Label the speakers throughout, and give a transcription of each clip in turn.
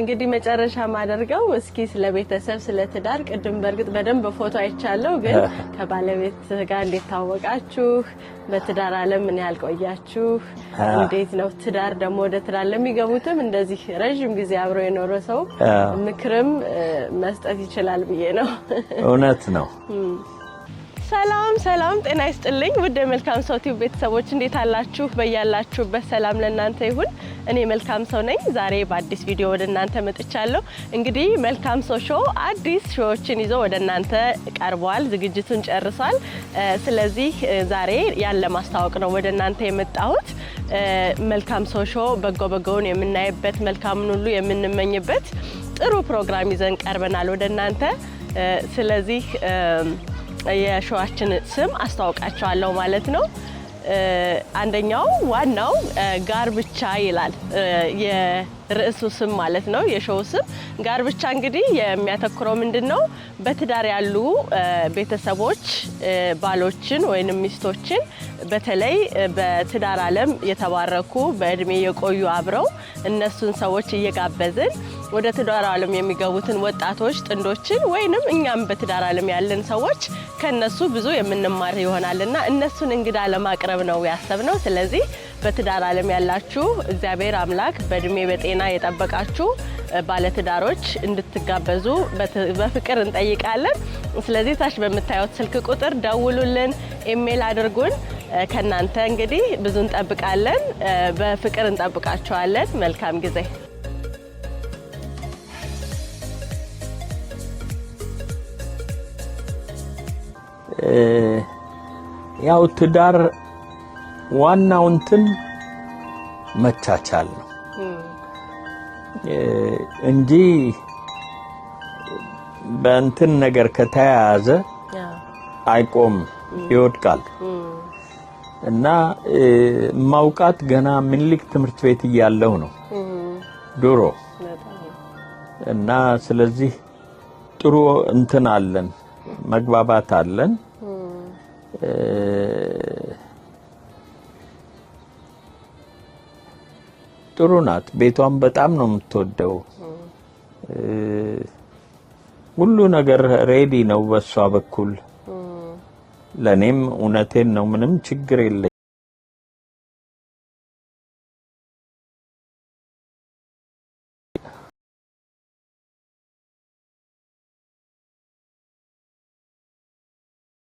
Speaker 1: እንግዲህ መጨረሻ ማደርገው እስኪ ስለ ቤተሰብ ስለ ትዳር ቅድም በእርግጥ በደንብ በፎቶ አይቻለሁ፣ ግን ከባለቤት ጋር እንዴት ታወቃችሁ? በትዳር አለም ምን ያህል ቆያችሁ? እንዴት ነው ትዳር ደግሞ ወደ ትዳር ለሚገቡትም እንደዚህ ረዥም ጊዜ አብሮ የኖረ ሰው ምክርም መስጠት ይችላል ብዬ ነው። እውነት ነው። ሰላም ሰላም፣ ጤና ይስጥልኝ ውድ የመልካም ሰው ቲዩብ ቤተሰቦች እንዴት አላችሁ? በያላችሁበት ሰላም ለእናንተ ይሁን። እኔ መልካም ሰው ነኝ። ዛሬ በአዲስ ቪዲዮ ወደ እናንተ መጥቻለሁ። እንግዲህ መልካም ሰው ሾው አዲስ ሾዎችን ይዞ ወደ እናንተ ቀርቧል። ዝግጅቱን ጨርሷል። ስለዚህ ዛሬ ያለ ማስታወቅ ነው ወደ እናንተ የመጣሁት። መልካም ሰው ሾው በጎ በጎውን የምናይበት፣ መልካምን ሁሉ የምንመኝበት ጥሩ ፕሮግራም ይዘን ቀርበናል ወደ እናንተ ስለዚህ የሸዋችን ስም አስተዋውቃቸዋለሁ ማለት ነው። አንደኛው ዋናው ጋር ብቻ ይላል የርዕሱ ስም ማለት ነው፣ የሾው ስም ጋር ብቻ እንግዲህ የሚያተኩረው ምንድን ነው? በትዳር ያሉ ቤተሰቦች ባሎችን ወይም ሚስቶችን በተለይ በትዳር ዓለም የተባረኩ በእድሜ የቆዩ አብረው እነሱን ሰዎች እየጋበዝን ወደ ትዳር ዓለም የሚገቡትን ወጣቶች ጥንዶችን ወይንም እኛም በትዳር ዓለም ያለን ሰዎች ከነሱ ብዙ የምንማር ይሆናልና እነሱን እንግዳ ለማቅረብ ነው ያሰብነው። ስለዚህ በትዳር ዓለም ያላችሁ እግዚአብሔር አምላክ በእድሜ በጤና የጠበቃችሁ ባለትዳሮች እንድትጋበዙ በፍቅር እንጠይቃለን። ስለዚህ ታች በምታዩት ስልክ ቁጥር ደውሉልን፣ ኢሜል አድርጉን። ከእናንተ እንግዲህ ብዙ እንጠብቃለን። በፍቅር እንጠብቃችኋለን። መልካም ጊዜ
Speaker 2: ያው ትዳር ዋናው እንትን መቻቻል ነው እንጂ በእንትን ነገር ከተያያዘ አይቆምም፣ ይወድቃል። እና ማውቃት ገና ምኒልክ ትምህርት ቤት እያለሁ ነው ድሮ። እና ስለዚህ ጥሩ እንትን አለን፣ መግባባት አለን። ጥሩ ናት። ቤቷን በጣም ነው የምትወደው። ሁሉ ነገር ሬዲ ነው በእሷ በኩል። ለእኔም እውነቴን ነው ምንም ችግር የለ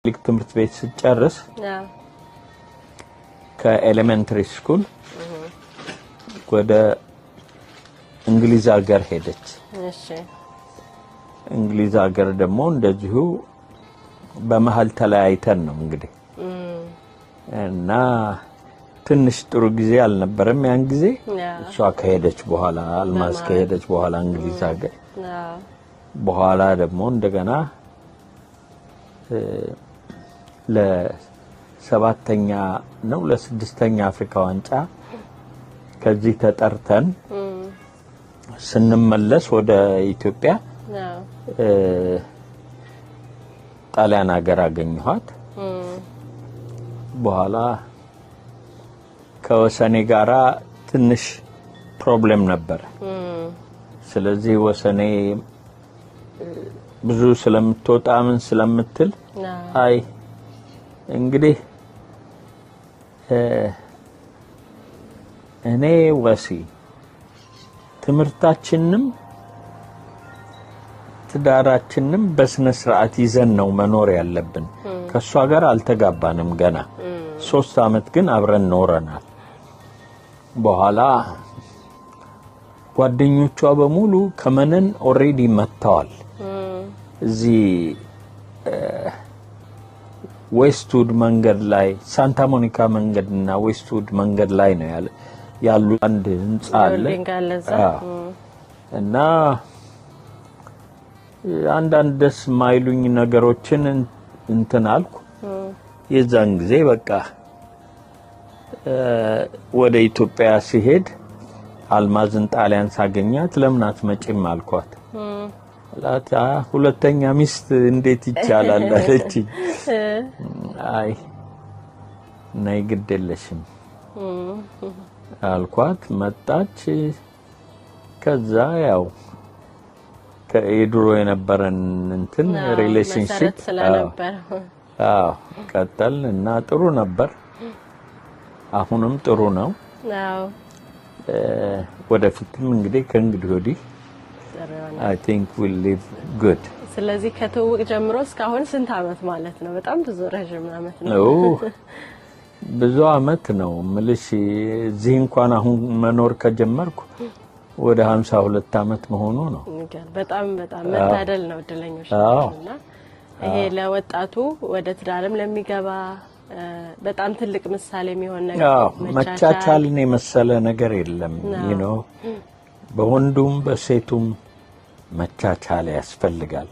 Speaker 2: ልክ ትምህርት ቤት ስጨርስ ከኤሌመንተሪ ስኩል ወደ እንግሊዝ ሀገር ሄደች። እንግሊዝ ሀገር ደግሞ እንደዚሁ በመሀል ተለያይተን ነው እንግዲህ እና ትንሽ ጥሩ ጊዜ አልነበረም ያን ጊዜ። እሷ ከሄደች በኋላ አልማዝ ከሄደች በኋላ እንግሊዝ ሀገር በኋላ ደግሞ እንደገና ለሰባተኛ ነው ለስድስተኛ አፍሪካ ዋንጫ ከዚህ ተጠርተን ስንመለስ ወደ ኢትዮጵያ ጣሊያን ሀገር አገኘኋት። በኋላ ከወሰኔ ጋራ ትንሽ ፕሮብሌም ነበረ። ስለዚህ ወሰኔ ብዙ ስለምትወጣ ምን ስለምትል አይ እንግዲህ እኔ ወሲ ትምህርታችንም ትዳራችንም በስነ ስርዓት ይዘን ነው መኖር ያለብን። ከእሷ ጋር አልተጋባንም ገና ሶስት አመት ግን አብረን ኖረናል። በኋላ ጓደኞቿ በሙሉ ከመነን ኦሬዲ መጥተዋል እዚህ ዌስትውድ መንገድ ላይ ሳንታ ሞኒካ መንገድና ዌስትውድ መንገድ ላይ ነው ያለ ያሉ አንድ ህንጻ አለ እና አንዳንድ ደስ ማይሉኝ ነገሮችን እንትን አልኩ። የዛን ጊዜ በቃ ወደ ኢትዮጵያ ሲሄድ አልማዝን ጣሊያን ሳገኛት ለምን አትመጪም አልኳት። አላት ሁለተኛ ሚስት እንዴት ይቻላል አለች። አይ ነይ ግድ የለሽም አልኳት። መጣች። ከዛ ያው ከድሮ የነበረን እንትን ሪሌሽንሽፕ አዎ ቀጠል እና ጥሩ ነበር። አሁንም ጥሩ ነው። ወደፊትም እንግዲህ ከእንግዲህ ወዲህ አይ ቲንክ ዊል ሊቭ ጉድ።
Speaker 1: ስለዚህ ከትውውቅ ጀምሮ እስካሁን ስንት አመት ማለት ነው? በጣም ብዙ ረዥም አመት ነው።
Speaker 2: ብዙ አመት ነው ምልሽ እዚህ እንኳን አሁን መኖር ከጀመርኩ ወደ 52 አመት መሆኑ ነው።
Speaker 1: በጣም በጣም መታደል ነው፣ እድለኞች ነውና ይሄ ለወጣቱ ወደ ትዳርም ለሚገባ በጣም ትልቅ ምሳሌ የሚሆን
Speaker 2: ነገር መቻቻልን የመሰለ ነገር የለም ነው በወንዱም በሴቱም መቻቻል ያስፈልጋል።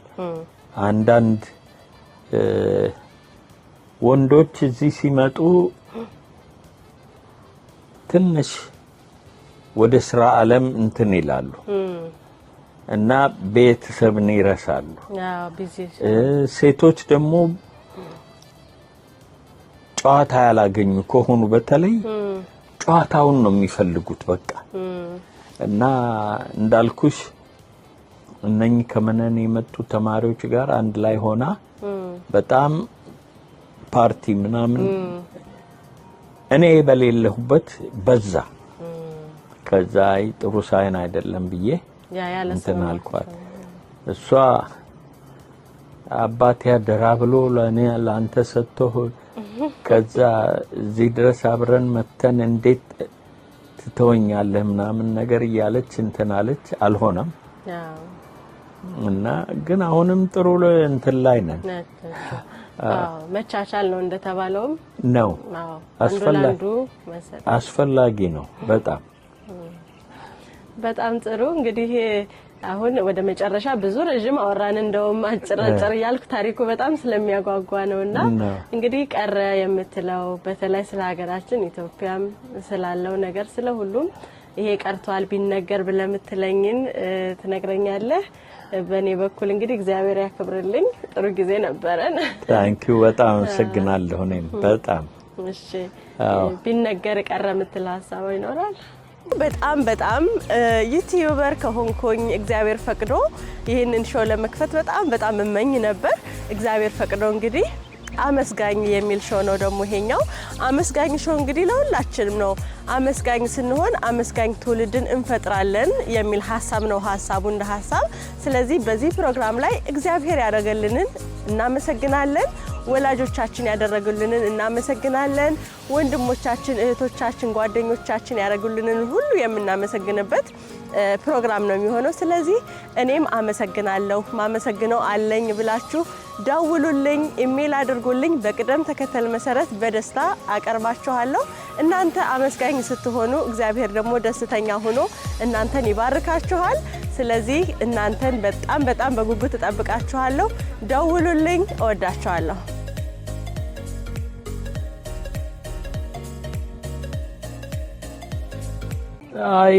Speaker 2: አንዳንድ ወንዶች እዚህ ሲመጡ ትንሽ ወደ ስራ ዓለም እንትን ይላሉ እና ቤተሰብን ይረሳሉ። ሴቶች ደግሞ ጨዋታ ያላገኙ ከሆኑ በተለይ ጨዋታውን ነው የሚፈልጉት በቃ እና እንዳልኩሽ እነኚህ ከመነን የመጡ ተማሪዎች ጋር አንድ ላይ ሆና በጣም ፓርቲ ምናምን እኔ በሌለሁበት በዛ። ከዛ ጥሩ ሳይን አይደለም ብዬ እንትን አልኳት። እሷ አባቴ አደራ ብሎ ለእኔ ለአንተ ሰጥቶህ ከዛ እዚህ ድረስ አብረን መተን እንዴት ትተወኛለህ ምናምን ነገር እያለች እንትን አለች። አልሆነም። እና ግን አሁንም ጥሩ እንትን ላይ ነን።
Speaker 1: መቻቻል ነው እንደተባለውም
Speaker 2: ነው አስፈላጊ ነው በጣም
Speaker 1: በጣም ጥሩ እንግዲህ አሁን ወደ መጨረሻ ብዙ ረዥም አወራን። እንደውም አጭር አጭር እያልኩ ታሪኩ በጣም ስለሚያጓጓ እና እንግዲህ ቀረ የምትለው በተለይ ስለ ሀገራችን ኢትዮጵያም ስላለው ነገር ስለ ሁሉም ይሄ ቀርቷል ቢነገር ብለምትለኝን ትነግረኛለህ። በእኔ በኩል እንግዲህ እግዚአብሔር ያክብርልኝ። ጥሩ ጊዜ ነበረን።
Speaker 2: ታንኪዩ በጣም አመሰግናለሁ። እኔም በጣም እሺ።
Speaker 1: ቢነገር ቀረ የምትል ሀሳብ ይኖራል? በጣም በጣም ዩቲዩበር ከሆንኩኝ እግዚአብሔር ፈቅዶ ይህንን ሾው ለመክፈት በጣም በጣም እመኝ ነበር። እግዚአብሔር ፈቅዶ እንግዲህ አመስጋኝ የሚል ሾው ነው ደግሞ ይሄኛው። አመስጋኝ ሾው እንግዲህ ለሁላችንም ነው አመስጋኝ ስንሆን አመስጋኝ ትውልድን እንፈጥራለን የሚል ሀሳብ ነው ሀሳቡ እንደ ሀሳብ። ስለዚህ በዚህ ፕሮግራም ላይ እግዚአብሔር ያደረገልንን እናመሰግናለን። ወላጆቻችን ያደረጉልንን እናመሰግናለን። ወንድሞቻችን፣ እህቶቻችን፣ ጓደኞቻችን ያደረጉልንን ሁሉ የምናመሰግንበት ፕሮግራም ነው የሚሆነው። ስለዚህ እኔም አመሰግናለሁ ማመሰግነው አለኝ ብላችሁ ደውሉልኝ፣ ኢሜል አድርጉልኝ። በቅደም ተከተል መሰረት በደስታ አቀርባችኋለሁ። እናንተ አመስጋኝ ደስተኝ ስትሆኑ እግዚአብሔር ደግሞ ደስተኛ ሆኖ እናንተን ይባርካችኋል። ስለዚህ እናንተን በጣም በጣም በጉጉት እጠብቃችኋለሁ። ደውሉልኝ። እወዳችኋለሁ።
Speaker 2: አይ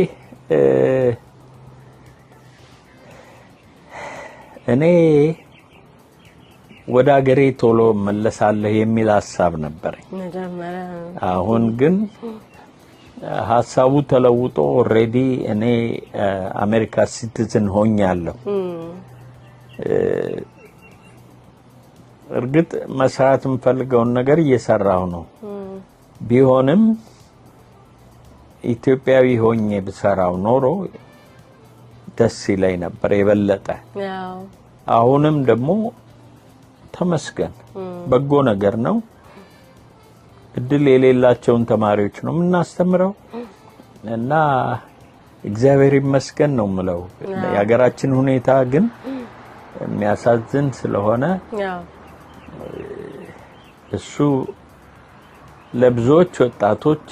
Speaker 2: እኔ ወደ አገሬ ቶሎ መለሳለህ የሚል ሀሳብ ነበረኝ። አሁን ግን ሀሳቡ ተለውጦ ኦልሬዲ እኔ አሜሪካ ሲቲዝን ሆኛለሁ። እርግጥ መስራት የምፈልገውን ነገር እየሰራሁ ነው። ቢሆንም ኢትዮጵያዊ ሆኜ ብሰራው ኖሮ ደስ ይለኝ ነበር የበለጠ። አሁንም ደግሞ ተመስገን በጎ ነገር ነው። እድል የሌላቸውን ተማሪዎች ነው የምናስተምረው እና እግዚአብሔር ይመስገን ነው የምለው። የሀገራችን ሁኔታ ግን የሚያሳዝን ስለሆነ እሱ ለብዙዎች ወጣቶች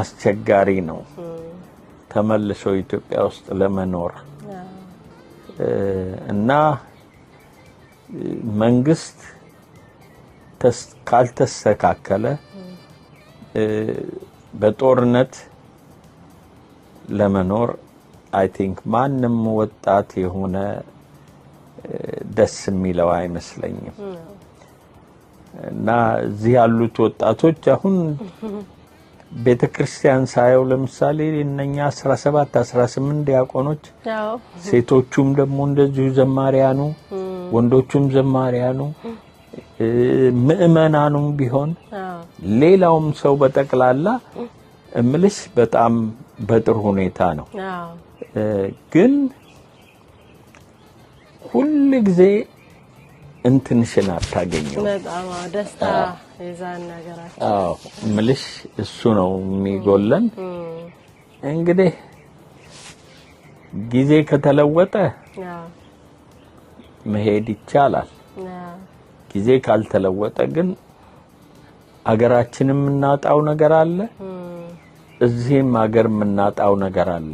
Speaker 2: አስቸጋሪ ነው ተመልሶ ኢትዮጵያ ውስጥ ለመኖር እና መንግስት ካልተስተካከለ በጦርነት ለመኖር አይ ቲንክ ማንም ወጣት የሆነ ደስ የሚለው አይመስለኝም። እና እዚህ ያሉት ወጣቶች አሁን ቤተ ክርስቲያን ሳየው ለምሳሌ እነኛ 17 18 ዲያቆኖች፣ ሴቶቹም ደግሞ እንደዚሁ ዘማሪያኑ፣ ወንዶቹም ዘማሪያኑ ምእመናኑም ቢሆን ሌላውም ሰው በጠቅላላ እምልሽ በጣም በጥሩ ሁኔታ ነው። ግን ሁል ጊዜ እንትንሽን አታገኘው
Speaker 1: ደስታ የዛን ነገራችን።
Speaker 2: አዎ እምልሽ እሱ ነው የሚጎለን። እንግዲህ ጊዜ ከተለወጠ መሄድ ይቻላል። ጊዜ ካልተለወጠ ግን አገራችን የምናጣው ነገር አለ። እዚህም ሀገር የምናጣው ነገር አለ።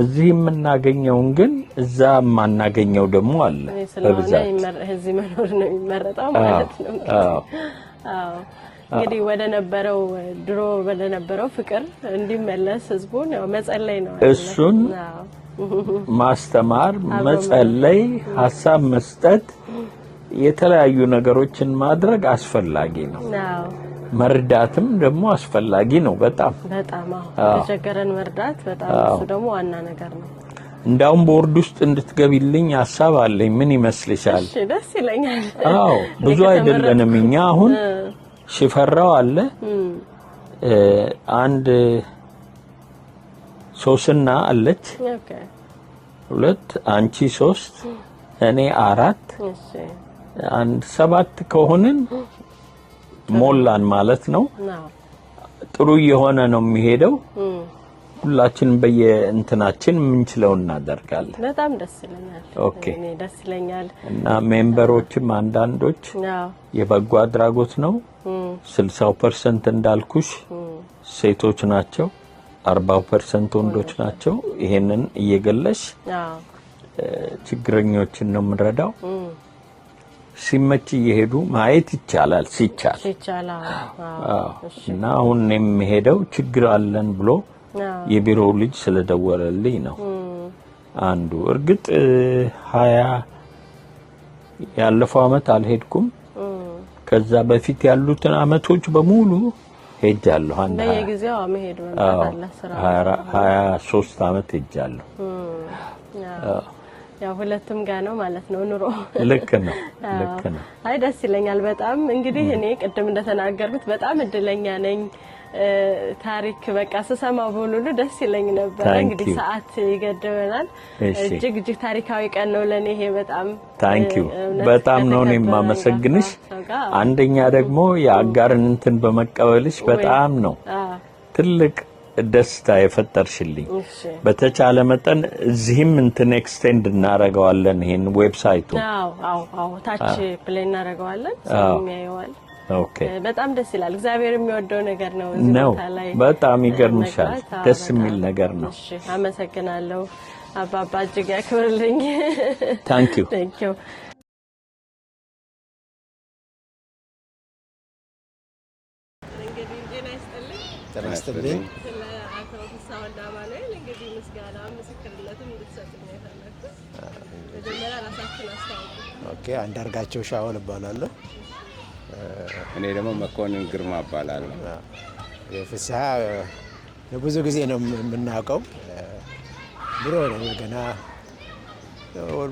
Speaker 2: እዚህ የምናገኘውን ግን እዛ የማናገኘው ደግሞ አለ።
Speaker 1: በብዛት እዚህ መኖር ነው የሚመረጠው ማለት ነው። እንግዲህ ወደ ነበረው ድሮ ወደ ነበረው ፍቅር እንዲመለስ ህዝቡን ያው መጸለይ ነው።
Speaker 2: እሱን ማስተማር፣ መጸለይ፣ ሀሳብ መስጠት የተለያዩ ነገሮችን ማድረግ አስፈላጊ ነው። መርዳትም ደግሞ አስፈላጊ ነው። በጣም
Speaker 1: በጣም ተቸገረን መርዳት በጣም እሱ ደግሞ ዋና ነገር ነው።
Speaker 2: እንዳውም ቦርድ ውስጥ እንድትገቢልኝ ሀሳብ አለኝ። ምን ይመስልሻል?
Speaker 1: ደስ ይለኛል።
Speaker 2: አዎ ብዙ አይደለንም እኛ አሁን ሽፈራው አለ አንድ ሶስና አለች ሁለት አንቺ ሶስት እኔ አራት አንድ ሰባት ከሆንን ሞላን ማለት ነው። ጥሩ እየሆነ ነው የሚሄደው። ሁላችንም በየእንትናችን የምንችለው እናደርጋለን።
Speaker 1: በጣም ደስ ይለኛል።
Speaker 2: ኦኬ ደስ ይለኛል። እና ሜምበሮችም አንዳንዶች የበጎ አድራጎት ነው። ስልሳው ፐርሰንት እንዳልኩሽ ሴቶች ናቸው፣ አርባው ፐርሰንት ወንዶች ናቸው። ይሄንን እየገለሽ ችግረኞችን ነው የምንረዳው። ሲመች እየሄዱ ማየት ይቻላል ሲቻል እና አሁን የሚሄደው ችግር አለን ብሎ የቢሮው ልጅ ስለደወለልኝ ነው አንዱ። እርግጥ ሀያ ያለፈው አመት አልሄድኩም። ከዛ በፊት ያሉትን አመቶች በሙሉ ሄጃለሁ። አንድ ሀያ ሶስት አመት ሄጃለሁ።
Speaker 1: ያው ሁለቱም ጋ ነው ማለት ነው ኑሮ።
Speaker 2: ልክ ነው ልክ ነው።
Speaker 1: አይ ደስ ይለኛል በጣም እንግዲህ እኔ ቅድም እንደተናገርኩት በጣም እድለኛ ነኝ። ታሪክ በቃ ስሰማ በሁሉ
Speaker 2: ደስ ይለኝ ነበር። እንግዲህ ሰዓት ይገድበናል።
Speaker 1: እጅግ እጅግ ታሪካዊ ቀን ነው ለእኔ ይሄ በጣም
Speaker 2: ታንኪዩ። በጣም ነው እኔ የማመሰግንሽ። አንደኛ ደግሞ የአጋርን እንትን በመቀበልሽ በጣም ነው ትልቅ ደስታ የፈጠርሽልኝ። በተቻለ መጠን እዚህም እንትን ኤክስቴንድ እናረገዋለን ይህን ዌብሳይቱ።
Speaker 1: ታች ፕሌይ እናረገዋለን። የሚያየዋል። በጣም ደስ ይላል። እግዚአብሔር የሚወደው ነገር ነው።
Speaker 2: ነው። በጣም ይገርምሻል። ደስ የሚል ነገር ነው።
Speaker 1: አመሰግናለሁ አባባ፣ እጅግ ያክብርልኝ።
Speaker 2: ታንክ ዩ ጤና ይስጥልኝ። መጀመሪያ ራሳችን ኦኬ አንዳርጋቸው ሻወል እባላለሁ። እኔ ደግሞ መኮንን ግርማ እባላለሁ። ፍስሀ ለብዙ ጊዜ ነው የምናውቀው። ድሮ ነው ገና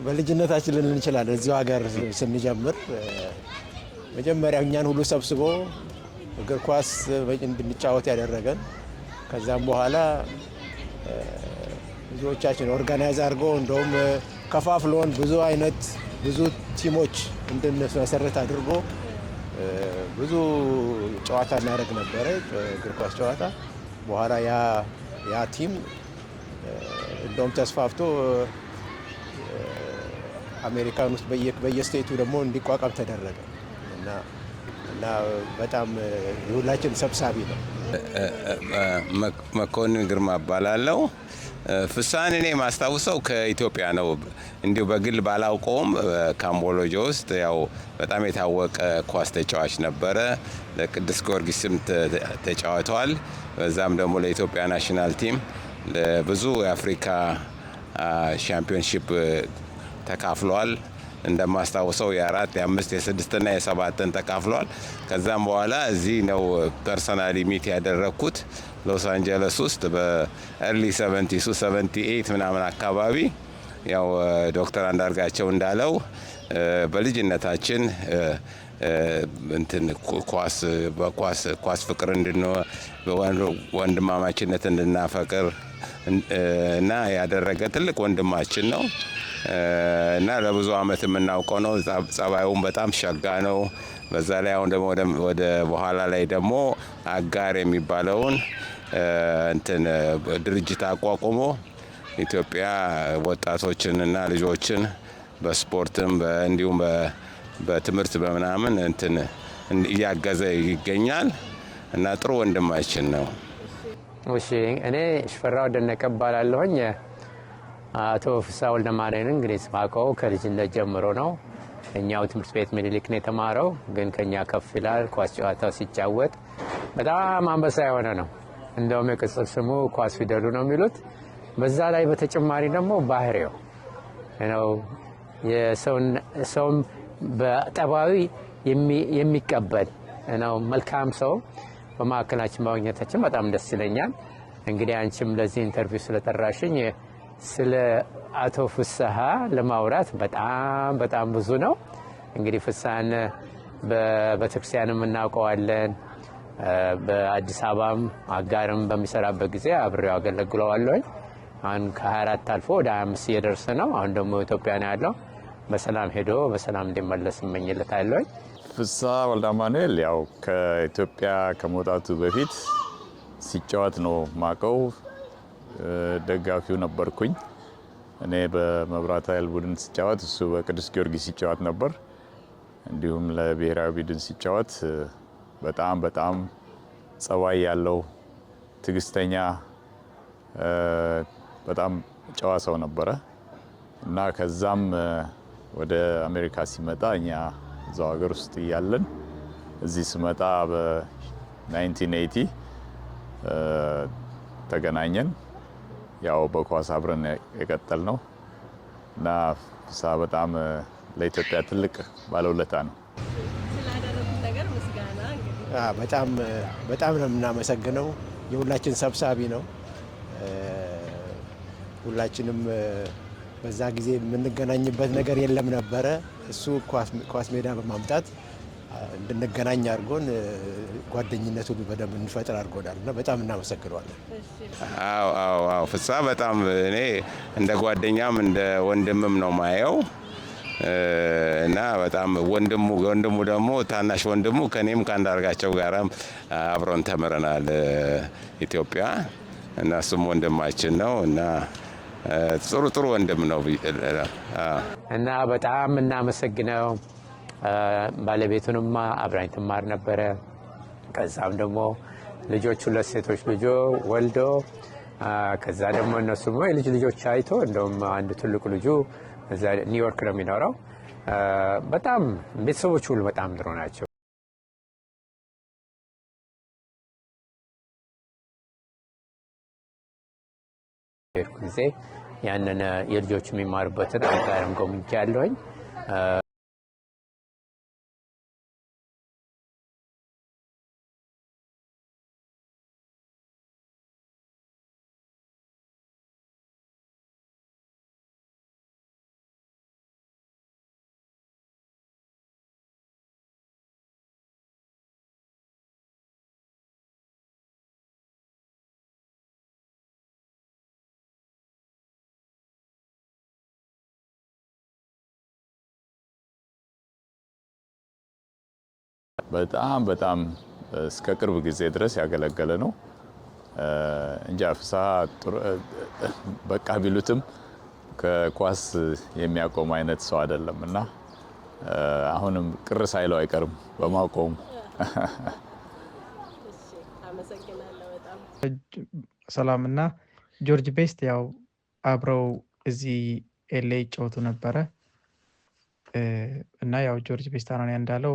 Speaker 2: በልጅነታችን ልን እንችላለን። እዚሁ ሀገር ስንጀምር መጀመሪያ እኛን ሁሉ ሰብስቦ እግር ኳስ እንድንጫወት ያደረገን፣ ከዛም በኋላ ብዙዎቻችን ኦርጋናይዝ አድርጎ እንደውም ከፋፍሎን ብዙ አይነት ብዙ ቲሞች እንድንመሰረት አድርጎ ብዙ ጨዋታ እናደርግ ነበረ፣ እግር ኳስ ጨዋታ። በኋላ ያ ቲም እንደውም ተስፋፍቶ አሜሪካን ውስጥ በየስቴቱ ደግሞ እንዲቋቋም ተደረገ እና በጣም የሁላችን ሰብሳቢ ነው። መኮንን ግርማ እባላለሁ። ፍሳን እኔ ማስታውሰው ከኢትዮጵያ ነው። እንዲሁ በግል ባላውቀውም ካምቦሎጆ ውስጥ ያው በጣም የታወቀ ኳስ ተጫዋች ነበረ። ለቅዱስ ጊዮርጊስም ተጫውተዋል። በዛም ደግሞ ለኢትዮጵያ ናሽናል ቲም ለብዙ የአፍሪካ ሻምፒዮንሺፕ ተካፍለዋል። እንደማስታውሰው የአራት የአምስት የስድስትና የሰባትን ተካፍለዋል። ከዛም በኋላ እዚህ ነው ፐርሰናል ሚት ያደረግኩት። ሎስ አንጀለስ ውስጥ በኤርሊ 70 78 ምናምን አካባቢ ያው ዶክተር አንዳርጋቸው እንዳለው በልጅነታችን እንትን ኳስ በኳስ ኳስ ፍቅር እንድንወ ወንድማማችነት እንድናፈቅር እና ያደረገ ትልቅ ወንድማችን ነው እና ለብዙ አመት የምናውቀው ነው። ጸባዩን በጣም ሸጋ ነው። በዛ ላይ አሁን ደግሞ ወደ በኋላ ላይ ደግሞ አጋር የሚባለውን እንትን ድርጅት አቋቁሞ ኢትዮጵያ ወጣቶችንና ልጆችን በስፖርትም እንዲሁም በትምህርት በምናምን እንትን እያገዘ ይገኛል እና ጥሩ ወንድማችን ነው። እሺ እኔ ሽፈራው ደነቀ እባላለሁኝ። አቶ ፍሳ ወልደማርያን እንግዲህ ስማቀው ከልጅነት ጀምሮ ነው። እኛው ትምህርት ቤት ምኒልክ ነው የተማረው፣ ግን ከኛ ከፍ ይላል። ኳስ ጨዋታ ሲጫወት በጣም አንበሳ የሆነ ነው። እንደውም የቅጽል ስሙ ኳስ ፊደሉ ነው የሚሉት። በዛ ላይ በተጨማሪ ደግሞ ባህሪው ነው ሰውም በጠባዊ የሚቀበል ነው። መልካም ሰው በማዕከላችን ማግኘታችን በጣም ደስ ይለኛል። እንግዲህ አንቺም ለዚህ ኢንተርቪው ስለጠራሽኝ ስለ አቶ ፍስሀ ለማውራት በጣም በጣም ብዙ ነው። እንግዲህ ፍስሀን በቤተክርስቲያንም እናውቀዋለን። በአዲስ አበባም አጋርም በሚሰራበት ጊዜ አብሬው አገለግለዋለሁኝ። አሁን ከ24 አልፎ ወደ 25 እየደረሰ ነው። አሁን ደግሞ ኢትዮጵያ ነው ያለው። በሰላም ሄዶ በሰላም እንዲመለስ አለኝ። ፍሳ ወልደ አማኑኤል ያው ከኢትዮጵያ ከመውጣቱ በፊት ሲጫወት ነው ማቀው፣ ደጋፊው ነበርኩኝ። እኔ በመብራት ኃይል ቡድን ሲጫወት፣ እሱ በቅዱስ ጊዮርጊስ ሲጫወት ነበር። እንዲሁም ለብሔራዊ ቡድን ሲጫወት በጣም በጣም ጸባይ ያለው ትግስተኛ፣ በጣም ጨዋ ሰው ነበረ እና ከዛም ወደ አሜሪካ ሲመጣ እኛ እዛው ሀገር ውስጥ እያለን እዚህ ስመጣ በ1980 ተገናኘን። ያው በኳስ አብረን የቀጠል ነው እና ፍስሀ በጣም ለኢትዮጵያ ትልቅ ባለውለታ ነው። በጣም በጣም ነው የምናመሰግነው። የሁላችን ሰብሳቢ ነው። ሁላችንም በዛ ጊዜ የምንገናኝበት ነገር የለም ነበረ። እሱ ኳስ ሜዳ በማምጣት እንድንገናኝ አድርጎን ጓደኝነቱ በደንብ እንፈጥር አድርጎናል እና በጣም እናመሰግነዋለን። አዎ አዎ አዎ፣ ፍሳ በጣም እኔ እንደ ጓደኛም እንደ ወንድምም ነው ማየው እና በጣም ወንድሙ ወንድሙ ደግሞ ታናሽ ወንድሙ ከኔም ከአንዳርጋቸው ጋራም አብሮን ተምረናል ኢትዮጵያ እና እሱም ወንድማችን ነው እና ጥሩ ጥሩ ወንድም ነው እና በጣም እናመሰግነው። ባለቤቱንማ አብራኝ ትማር ነበረ። ከዛም ደግሞ ልጆች ሁለት ሴቶች ልጆ ወልዶ ከዛ ደግሞ እነሱ የልጅ ልጆች አይቶ እንደውም አንድ ትልቁ ልጁ ኒውዮርክ ነው የሚኖረው። በጣም ቤተሰቦች ሁሉ በጣም ጥሩ ናቸው። ጊዜ ያንን የልጆች የሚማሩበትን አጋርም ጎብኝቻለሁኝ። በጣም በጣም እስከ ቅርብ ጊዜ ድረስ ያገለገለ ነው። እንጃ ፍስሀ በቃ ቢሉትም ከኳስ የሚያቆም አይነት ሰው አይደለም እና አሁንም ቅር ሳይለው አይቀርም በማቆሙ። ሰላምና ጆርጅ ቤስት ያው አብረው እዚህ ኤሌ ይጫወቱ ነበረ እና ያው ጆርጅ ቤስት አናኒያ እንዳለው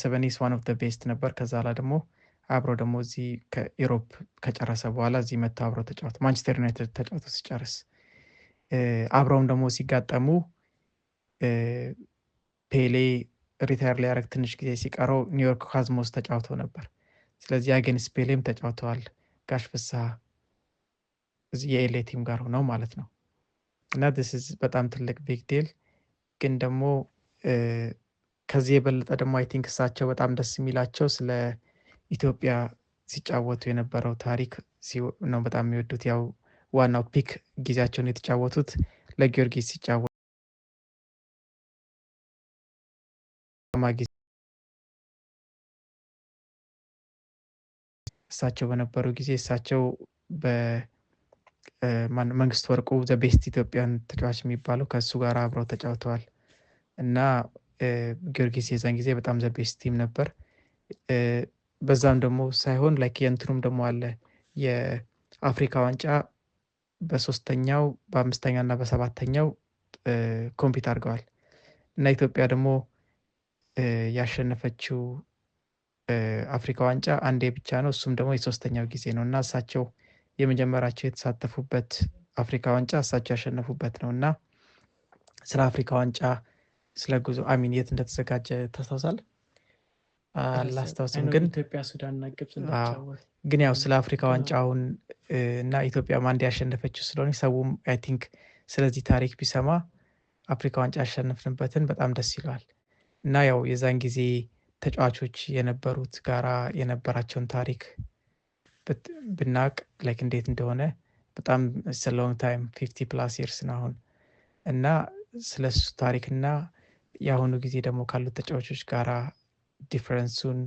Speaker 2: ስ ዋን ኦፍ ደ ቤስት ነበር። ከዛ ላ ደግሞ አብሮ ደግሞ እዚህ ከኢሮፕ ከጨረሰ በኋላ እዚህ መጥቶ አብሮ ተጫወቱ። ማንቸስተር ዩናይትድ ተጫወቱ ሲጨርስ አብረውም ደግሞ ሲጋጠሙ ፔሌ ሪታየር ሊያደርግ ትንሽ ጊዜ ሲቀረው ኒውዮርክ ካዝሞስ ተጫውተው ነበር። ስለዚህ አጌንስ ፔሌም ተጫውተዋል። ጋሽ ፍስሀ እዚህ የኤሌ ቲም ጋር ሆነው ማለት ነው እና ስ በጣም ትልቅ ቢግ ዴል ግን ደግሞ ከዚህ የበለጠ ደግሞ አይ ቲንክ እሳቸው በጣም ደስ የሚላቸው ስለ ኢትዮጵያ ሲጫወቱ የነበረው ታሪክ ነው በጣም የሚወዱት። ያው ዋናው ፒክ ጊዜያቸውን የተጫወቱት ለጊዮርጊስ ሲጫወቱ እሳቸው በነበሩ ጊዜ እሳቸው በመንግስት ወርቁ ዘቤስት ኢትዮጵያን ተጫዋች የሚባለው ከእሱ ጋር አብረው ተጫውተዋል እና ጊዮርጊስ የዛን ጊዜ በጣም ዘቤስት ቲም ነበር። በዛም ደግሞ ሳይሆን ላይክ የእንትኑም ደግሞ አለ የአፍሪካ ዋንጫ በሶስተኛው በአምስተኛው እና በሰባተኛው ኮምፒት አድርገዋል እና ኢትዮጵያ ደግሞ ያሸነፈችው አፍሪካ ዋንጫ አንዴ ብቻ ነው። እሱም ደግሞ የሶስተኛው ጊዜ ነው እና እሳቸው የመጀመሪያቸው የተሳተፉበት አፍሪካ ዋንጫ እሳቸው ያሸነፉበት ነው እና ስለ አፍሪካ ዋንጫ ስለ ጉዞ አሚን የት እንደተዘጋጀ ታስታውሳለህ? አላስታውስም፣ ግን ኢትዮጵያ ሱዳንና ግብጽ ግን ያው ስለ አፍሪካ ዋንጫውን እና ኢትዮጵያ አንድ ያሸነፈችው ስለሆነ ሰውም አይ ቲንክ ስለዚህ ታሪክ ቢሰማ አፍሪካ ዋንጫ ያሸነፍንበትን በጣም ደስ ይለዋል እና ያው የዛን ጊዜ ተጫዋቾች የነበሩት ጋራ የነበራቸውን ታሪክ ብናቅ ላይክ እንዴት እንደሆነ በጣም ሎንግ ታይም ፊፍቲ ፕላስ ይርስ ነው አሁን እና ስለሱ ታሪክና የአሁኑ ጊዜ ደግሞ ካሉት ተጫዋቾች ጋራ ዲፈረንሱን